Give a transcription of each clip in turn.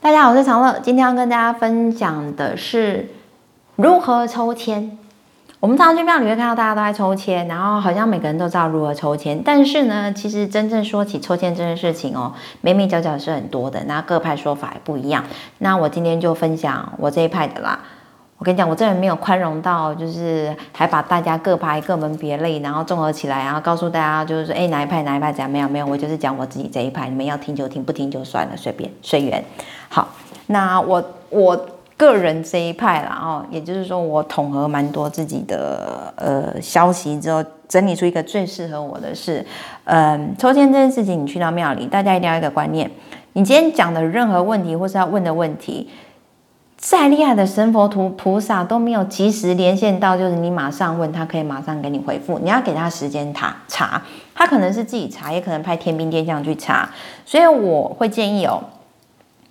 大家好，我是長樂。今天要跟大家分享的是如何抽籤。我們常常去廟裡面看到大家都在抽籤，然後好像每個人都知道如何抽籤。但是呢，其實真正說起抽籤這件事情哦，眉眉角角是很多的，那各派說法也不一樣。那我今天就分享我這一派的啦。我跟你講，我這人沒有寬容到，就是還把大家各派各門別類，然後綜合起來，然後告訴大家，就是說，哎，哪一派哪一派怎樣啊？沒有沒有，我就是講我自己這一派，你們要聽就聽，不聽就算了，隨便隨緣。好，那我我個人這一派啦哦，也就是說，我統合蠻多自己的呃消息之後，整理出一個最適合我的是，嗯，抽籤這件事情，你去到廟裡，大家一定要有個觀念，你今天講的任何問題或是要問的問題。再厲害的神佛圖菩薩都沒有及時連線到，就是你馬上問他，可以馬上給你回復。你要給他時間查查，他可能是自己查，也可能派天兵天將去查。所以我會建議哦，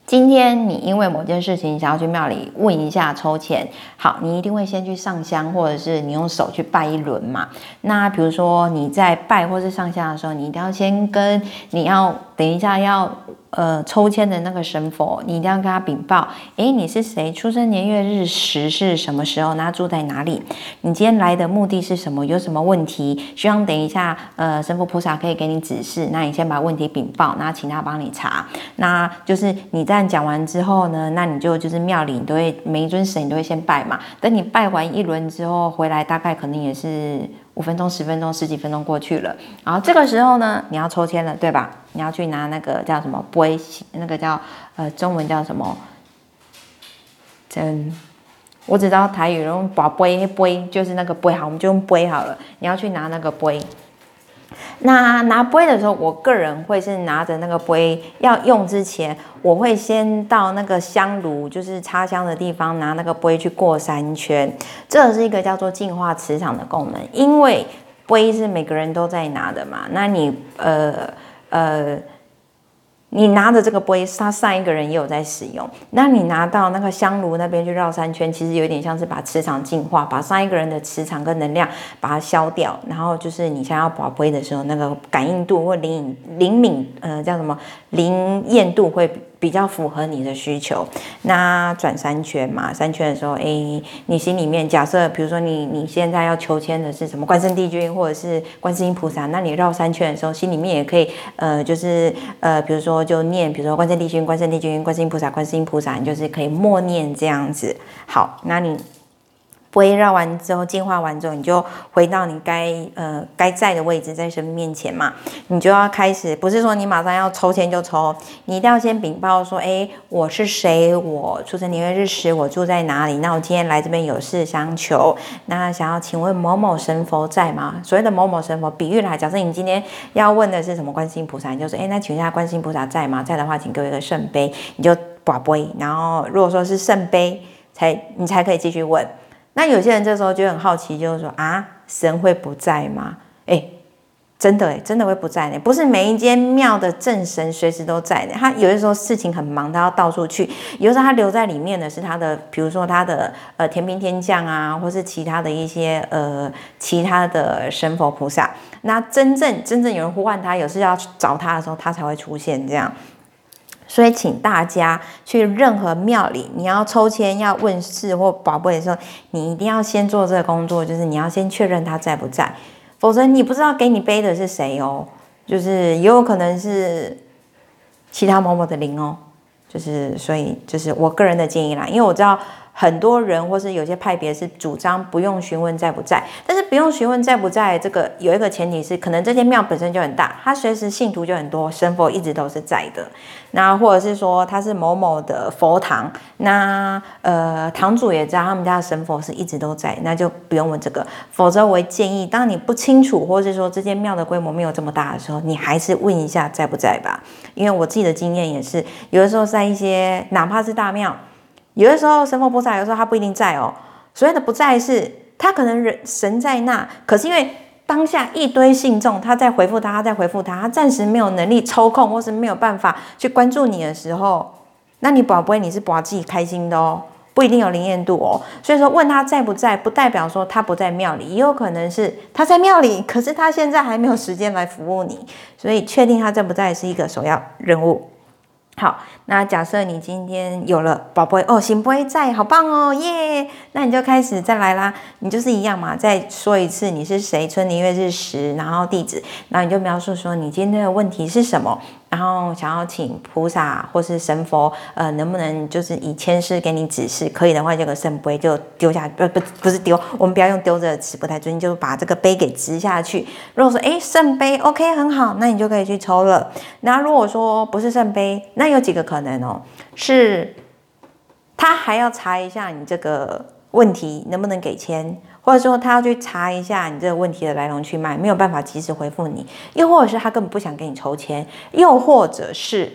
今天你因為某件事情想要去廟裡問一下抽籤，好，你一定會先去上香，或者是你用手去拜一輪嘛。那比如說你在拜或是上香的時候，你一定要先跟你要等一下要呃，抽籤的那個神佛，你一定要跟他稟報。誒，你是誰？出生年月日時是什麼時候？那住在哪裡？你今天來的目的是什麼？有什麼問題？希望等一下，呃，神佛菩薩可以給你指示。那你先把問題稟報，那請他幫你查。那就是你這樣講完之後呢，那你就就是廟裡你都會每一尊神你都會先拜嘛。等你拜完一輪之後回來，大概可能也是五分鐘、十分鐘、十幾分鐘過去了，然後這個時候呢，你要抽籤了，對吧？你要去拿那個叫什麼杯，那個叫呃中文叫什麼？真，我只知道台語用“杯杯”，就是那個杯好，我們就用“杯”好了。你要去拿那個杯。那拿杯的時候，我個人會是拿着那個杯，要用之前，我會先到那個香爐，就是插香的地方，拿那個杯去過三圈。這是一個叫做淨化磁場的功能，因為杯是每個人都在拿的嘛。那你呃呃。呃你拿着這個杯，他上一個人也有在使用。那你拿到那個香爐那邊去繞三圈，其實有點像是把磁場淨化，把上一個人的磁場跟能量把它消掉。然後就是你想要保杯的時候，那個感應度或靈靈敏，呃，叫什麼靈驗度會。比較符合你的需求，那轉三圈嘛，三圈的時候，哎、欸，你心裡面假設，比如說你你現在要求籤的是什麼關聖帝君或者是觀世音菩薩，那你繞三圈的時候，心裡面也可以，呃，就是呃，比如說就念，比如說關聖帝君、關聖帝君、觀世音菩薩、觀世音菩薩，你就是可以默念這樣子。好，那你。圍繞完之後，淨化完之後，你就回到你該呃該在的位置，在神面前嘛，你就要開始，不是說你馬上要抽籤就抽，你一定要先禀報說，誒，我是誰，我出生年月日時，我住在哪裡，那我今天來這邊有事相求，那想要請問某某神佛在嗎？所謂的某某神佛，比喻來，假設你今天要問的是什麼觀世音菩薩，你就說，誒，那請問下觀世音菩薩在嗎？在的話，請給我一個聖杯，你就博杯，然後如果說是聖杯，才你才可以繼續問。那有些人這時候就很好奇，就是說啊，神會不在嗎？誒、欸，真的誒、欸，真的會不在呢、欸？不是每一間廟的正神隨時都在的、欸。他有的時候事情很忙，他要到處去；有時候他留在裡面的是他的，比如說他的呃天兵天將啊，或是其他的一些呃其他的神佛菩薩。那真正真正有人呼喚他，有事要找他的時候，他才會出現這樣。所以，請大家去任何廟裡，你要抽籤、要問事或擲杯的時候，你一定要先做這個工作，就是你要先確認他在不在，否則你不知道給你杯的是誰哦。就是也有可能是其他某某的靈哦。就是，所以就是我個人的建議啦，因為我知道。很多人或是有些派別是主張不用詢問在不在，但是不用詢問在不在這個有一個前提是，可能這間廟本身就很大，它隨時信徒就很多，神佛一直都是在的。那或者是說它是某某的佛堂，那呃堂主也知道他們家的神佛是一直都在，那就不用問這個。否則我會建議，當你不清楚，或是說這間廟的規模沒有這麼大的時候，你還是問一下在不在吧。因為我自己的經驗也是，有的時候在一些哪怕是大廟。有的時候，神佛菩薩有的時候他不一定在哦，所謂的不在是，他可能人神在那，可是因為當下一堆信眾他在回復他，他在回復他，他暫時沒有能力抽空或是沒有辦法去關注你的時候，那你卜杯你是卜自己開心的哦，不一定有靈驗度哦，所以說問他在不在，不代表說他不在廟裡，也有可能是他在廟裡，可是他現在還沒有時間來服務你，所以確定他在不在是一個首要任務。好，那假設你今天有了寶貝哦，行，不會在好棒哦，耶、yeah!！那你就開始再來啦，你就是一樣嘛，再說一次，你是誰？生年月日時，然後地址，然後你就描述說你今天的問題是什麼。然後想要請菩薩或是神佛，呃，能不能就是以籤詩給你指示？可以的話，這個聖杯就丟下，不不不是丟，我們不要用丟這個詞，不太尊敬，就把這個杯給擲下去。如果說，哎，聖杯 OK 很好，那你就可以去抽了。那如果說不是聖杯，那有幾個可能哦，是。他還要查一下你這個問題能不能給籤，或者說他要去查一下你這個問題的來龍去脈，沒有辦法及時回復你；又或者是他根本不想給你抽籤，又或者是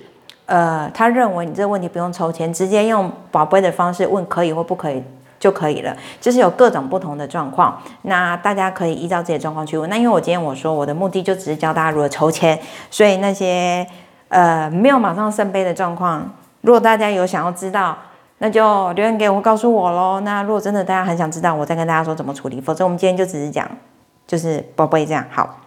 呃，他認為你這個問題不用抽籤，直接用筊杯的方式問可以或不可以就可以了。就是有各種不同的狀況，那大家可以依照自己的狀況去問。那因為我今天我說我的目的就只是教大家如何抽籤，所以那些呃沒有馬上聖杯的狀況，如果大家有想要知道。那就留言給我告訴我嘍。那如果真的大家很想知道，我再跟大家說怎麼處理。否則我們今天就只是講，就是不會這樣。好，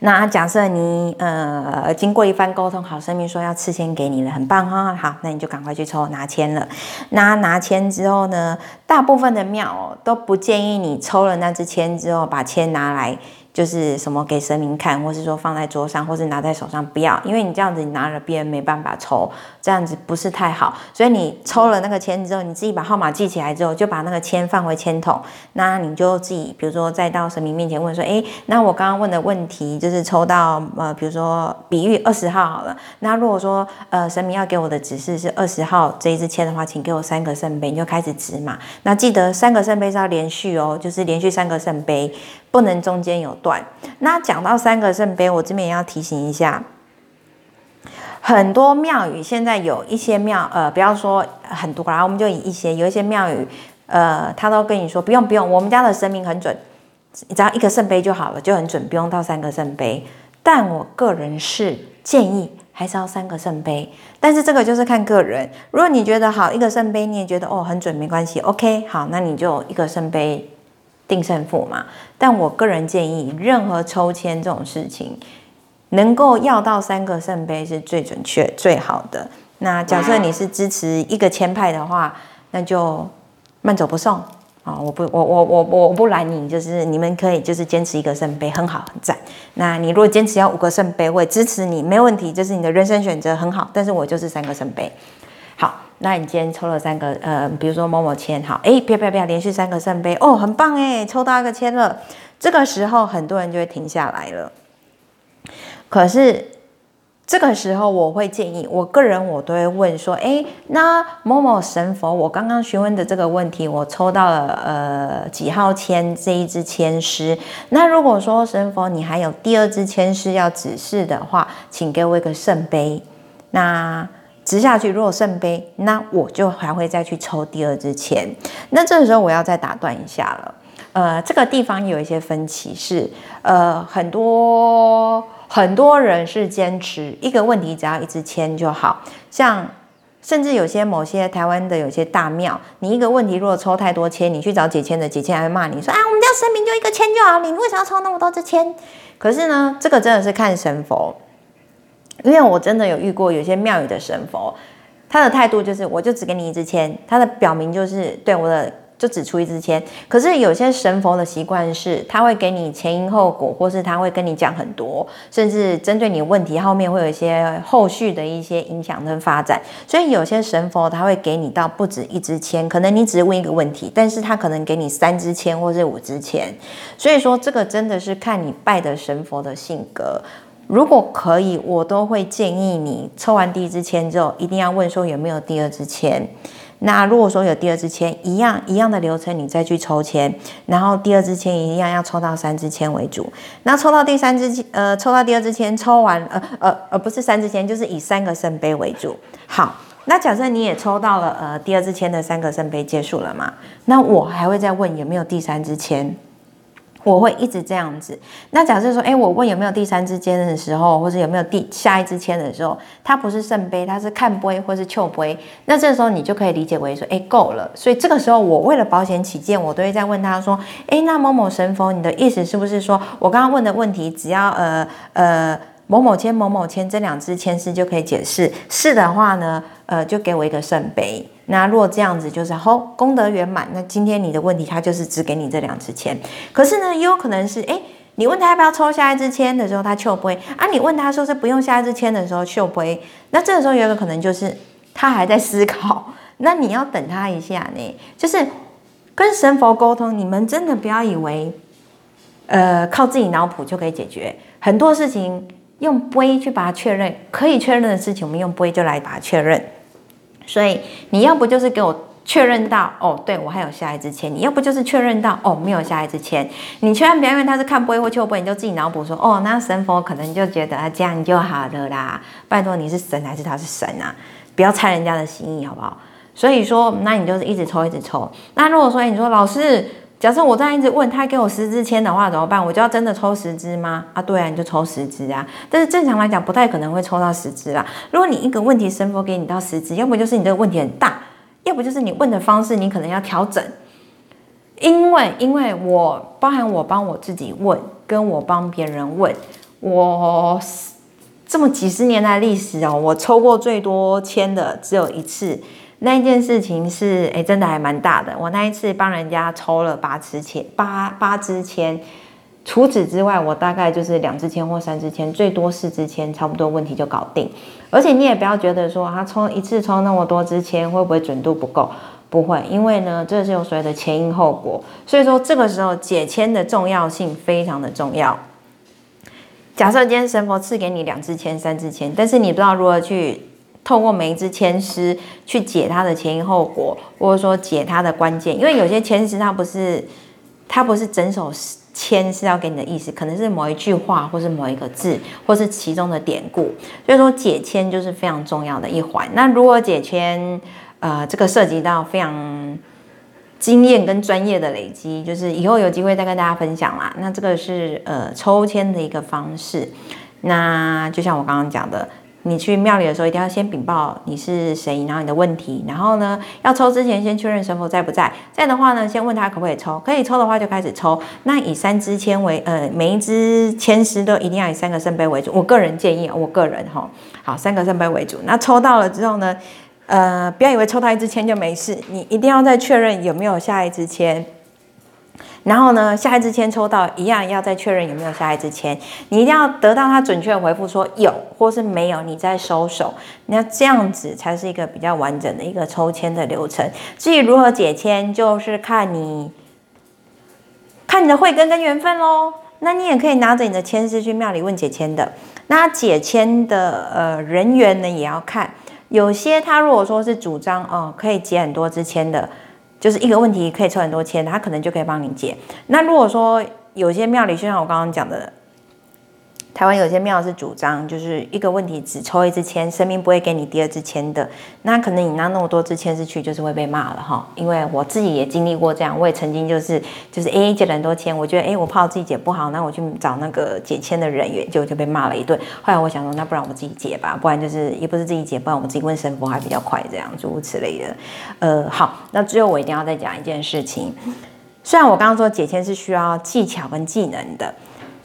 那假設你呃經過一番溝通，好，神明說要賜籤給你了，很棒哈、哦好，那你就趕快去抽拿籤了。那拿籤之後呢，大部分的廟都不建議你抽了那支籤之後，把籤拿來。就是什麼給神明看，或是說放在桌上，或是拿在手上，不要，因為你這樣子你拿了別人沒辦法抽，這樣子不是太好。所以你抽了那個籤之後，你自己把號碼記起來之後，就把那個籤放回籤筒。那你就自己，比如說再到神明面前問說：“誒，那我剛剛問的問題就是抽到呃，比如說比喻二十號好了。那如果說呃神明要給我的指示是二十號這一支籤的話，請給我三個聖杯，你就開始指嘛。那記得三個聖杯是要連續哦，就是連續三個聖杯。”不能中間有斷。那講到三個聖杯，我這邊也要提醒一下，很多廟宇現在有一些廟，呃，不要說很多啦，然後我們就以一些，有一些廟宇，呃，他都跟你說不用不用，我們家的神明很準，只要一個聖杯就好了，就很準，不用到三個聖杯。但我個人是建議還是要三個聖杯。但是這個就是看個人，如果你覺得好一個聖杯，你也覺得哦很準，沒關係，OK，好，那你就一個聖杯。定勝負嘛？但我個人建議，任何抽籤這種事情，能夠要到三個聖杯是最準確、最好的。那假設你是支持一個籤派的話，那就慢走不送啊！我不，我我我我不攔你，就是你們可以就是堅持一個聖杯，很好，很讚。那你如果堅持要五個聖杯，我也支持你，沒問題，就是你的人生選擇，很好。但是我就是三個聖杯。那你今天抽了三個，呃，比如說某某籤，好，哎，不要不要不要，連續三個聖杯，哦，很棒哎，抽到一個籤了。這個時候很多人就會停下來了。可是這個時候，我會建議，我個人我都會問說，哎，那某某神佛，我剛剛詢問的這個問題，我抽到了呃幾號籤這一支籤詩。那如果說神佛你還有第二支籤詩要指示的話，請給我一個聖杯。那直下去若聖杯，那我就還會再去抽第二支籤。那這個時候我要再打斷一下了。呃，這個地方有一些分歧是，呃，很多很多人是堅持一個問題只要一支籤就好，像甚至有些某些台灣的有些大廟，你一個問題如果抽太多籤，你去找解籤的解籤還會罵你說，啊，我們家神明就一個籤就好，你為什麼要抽那麼多支籤？可是呢，這個真的是看神佛。因為我真的有遇過有些廟宇的神佛，他的態度就是我就只給你一支籤，他的表明就是對我的就只出一支籤。可是有些神佛的習慣是他會給你前因後果，或是他會跟你講很多，甚至針對你問題後面會有一些後續的一些影響跟發展。所以有些神佛他會給你到不止一支籤，可能你只問一個問題，但是他可能給你三支籤或是五支籤。所以說這個真的是看你拜的神佛的性格。如果可以，我都會建議你抽完第一支籤之後，一定要問說有沒有第二支籤。那如果說有第二支籤，一樣一樣的流程，你再去抽籤，然後第二支籤一樣要抽到三支籤為主。那抽到第三支籤，呃，抽到第二支籤，抽完，呃呃呃，不是三支籤，就是以三個聖杯為主。好，那假設你也抽到了呃第二支籤的三個聖杯結束了嘛？那我還會再問有沒有第三支籤。我會一直這樣子。那假設說，哎，我問有沒有第三支籤的時候，或者有沒有第下一支籤的時候，它不是聖杯，它是看杯或是秋杯，那這時候你就可以理解為說，哎，夠了。所以這個時候，我為了保險起見，我都會再問他說，哎，那某某神佛，你的意思是不是說，我剛剛問的問題，只要呃呃某某籤某，某某籤這兩支籤是就可以解釋？是的話呢，呃，就給我一個聖杯。那如果這樣子就是好，功德圓滿，那今天你的問題他就是只給你這兩支籤。可是呢，也有可能是哎、欸，你問他要不要抽下一支籤的時候，他就不會啊。你問他說是不用下一支籤的時候，就不會。那這個時候有有可能就是他還在思考，那你要等他一下呢，就是跟神佛溝通。你們真的不要以為呃靠自己腦補就可以解決很多事情，用杯去把它確認，可以確認的事情，我們用杯就來把它確認。所以你要不就是給我確認到哦，對，我還有下一支籤，你要不就是確認到哦，沒有下一支籤。你千萬不要因為他是哭杯或笑杯，你就自己腦補說哦，那神佛可能就覺得啊，這樣就好了啦。拜托你是神還是他是神啊？不要猜人家的心意好不好？所以說，那你就是一直抽一直抽。那如果說你說老師，假設我這樣一直問他給我十支籤的話怎麼辦？我就要真的抽十支嗎？啊，對啊，你就抽十支啊。但是正常來講不太可能會抽到十支啦。如果你一個問題神佛給你到十支，要不就是你這個問題很大，要不就是你問的方式你可能要調整。因為，因為我包含我幫我自己問，跟我幫別人問，我這麼幾十年來歷史哦，啊，我抽過最多籤的只有一次。那一件事情是，哎、欸，真的還蠻大的。我那一次幫人家抽了八支籤，八八支籤。除此之外，我大概就是兩支籤或三支籤，最多四支籤，差不多問題就搞定。而且你也不要覺得說他、啊、抽一次抽那麼多支籤會不會準度不夠？不會，因為呢，這是有所謂的前因後果。所以說這個時候解籤的重要性非常的重要。假設今天神佛賜給你兩支籤、三支籤，但是你不知道如何去。透過每一支籤詩去解它的前因後果，或者說解它的關鍵，因為有些籤詩它不是，它不是整首籤是要給你的意思，可能是某一句話，或是某一個字，或是其中的典故，所以說解籤就是非常重要的一環。那如果解籤，呃，這個涉及到非常經驗跟專業的累積，就是以後有機會再跟大家分享啦。那這個是呃，抽籤的一個方式，那就像我剛剛講的。你去廟裡的時候，一定要先禀報你是誰，然後你的問題，然後呢，要抽之前先確認神佛在不在。在的話呢，先問他可不可以抽，可以抽的話就開始抽。那以三支籤為，呃，每一支籤時都一定要以三個聖杯為主。我個人建議，我個人哈、哦，好，三個聖杯為主。那抽到了之後呢，呃，不要以為抽到一支籤就沒事，你一定要再確認有沒有下一支籤。然後呢，下一支籤抽到一樣要再確認有沒有下一支籤，你一定要得到他準確的回復，說有或是沒有，你再收手。那這樣子才是一個比較完整的一個抽籤的流程。至於如何解籤，就是看你，看你的慧根跟緣分嘍。那你也可以拿着你的籤詩去廟裡問解籤的，那解籤的呃人員呢也要看，有些他如果說是主張哦，可以解很多支籤的。就是一個問題可以抽很多籤，他可能就可以幫你解。那如果說有些廟裡，就像我剛剛講的、的。台灣有些廟是主張，就是一個問題只抽一支籤，神明不會給你第二支籤的。那可能你拿那麼多支籤去，就是會被罵了哈。因為我自己也經歷過這樣，我也曾經就是就是哎解、欸、了很多籤，我覺得哎、欸、我怕我自己解不好，那我去找那個解籤的人員，就就被罵了一頓。後來我想說，那不然我自己解吧，不然就是也不是自己解，不然我們自己問神佛還比較快，這樣諸如此類的。呃，好，那最後我一定要再講一件事情，雖然我剛剛說解籤是需要技巧跟技能的。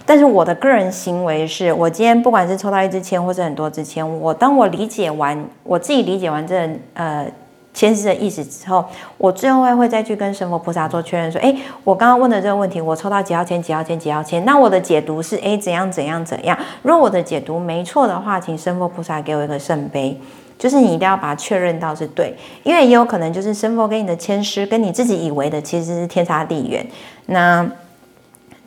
但是我的個人行為是，我今天不管是抽到一支籤，或者很多支籤，我當我理解完我自己理解完這呃籤詩的意思之後，我最後還會再去跟神佛菩薩做確認，說，誒、欸，我剛剛問的這個問題，我抽到幾號籤，幾號籤，幾號籤，那我的解讀是，誒、欸，怎樣怎樣怎樣。如果我的解讀沒錯的話，請神佛菩薩給我一個聖杯，就是你一定要把它確認到是對，因為也有可能就是神佛給你的籤詩跟你自己以為的其實是天差地遠，那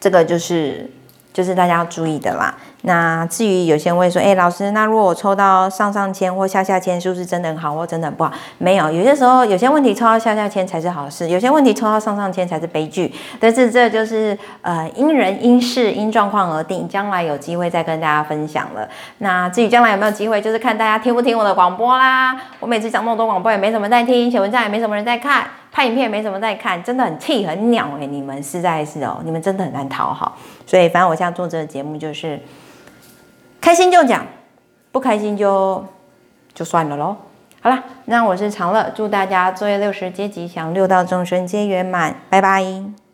這個就是。就是大家要注意的啦。那至於有些人會說，誒、欸，老師，那如果我抽到上上籤或下下籤，是不是真的很好或真的很不好？沒有，有些時候有些問題抽到下下籤才是好事，有些問題抽到上上籤才是悲劇。但是這就是呃因人因事因狀況而定，將來有機會再跟大家分享了。那至於將來有沒有機會，就是看大家聽不聽我的廣播啦。我每次講那麼多廣播，也沒什麼在聽，寫文章也沒什麼人在看。拍影片也沒什麼在看，真的很氣很鳥，欸、你們實在是哦，你們真的很難討好。所以反正我現在做這個節目就是，開心就講，不開心就就算了嘍。好啦，那我是長樂，祝大家作業六十皆吉祥，六道眾生皆圓滿，拜拜。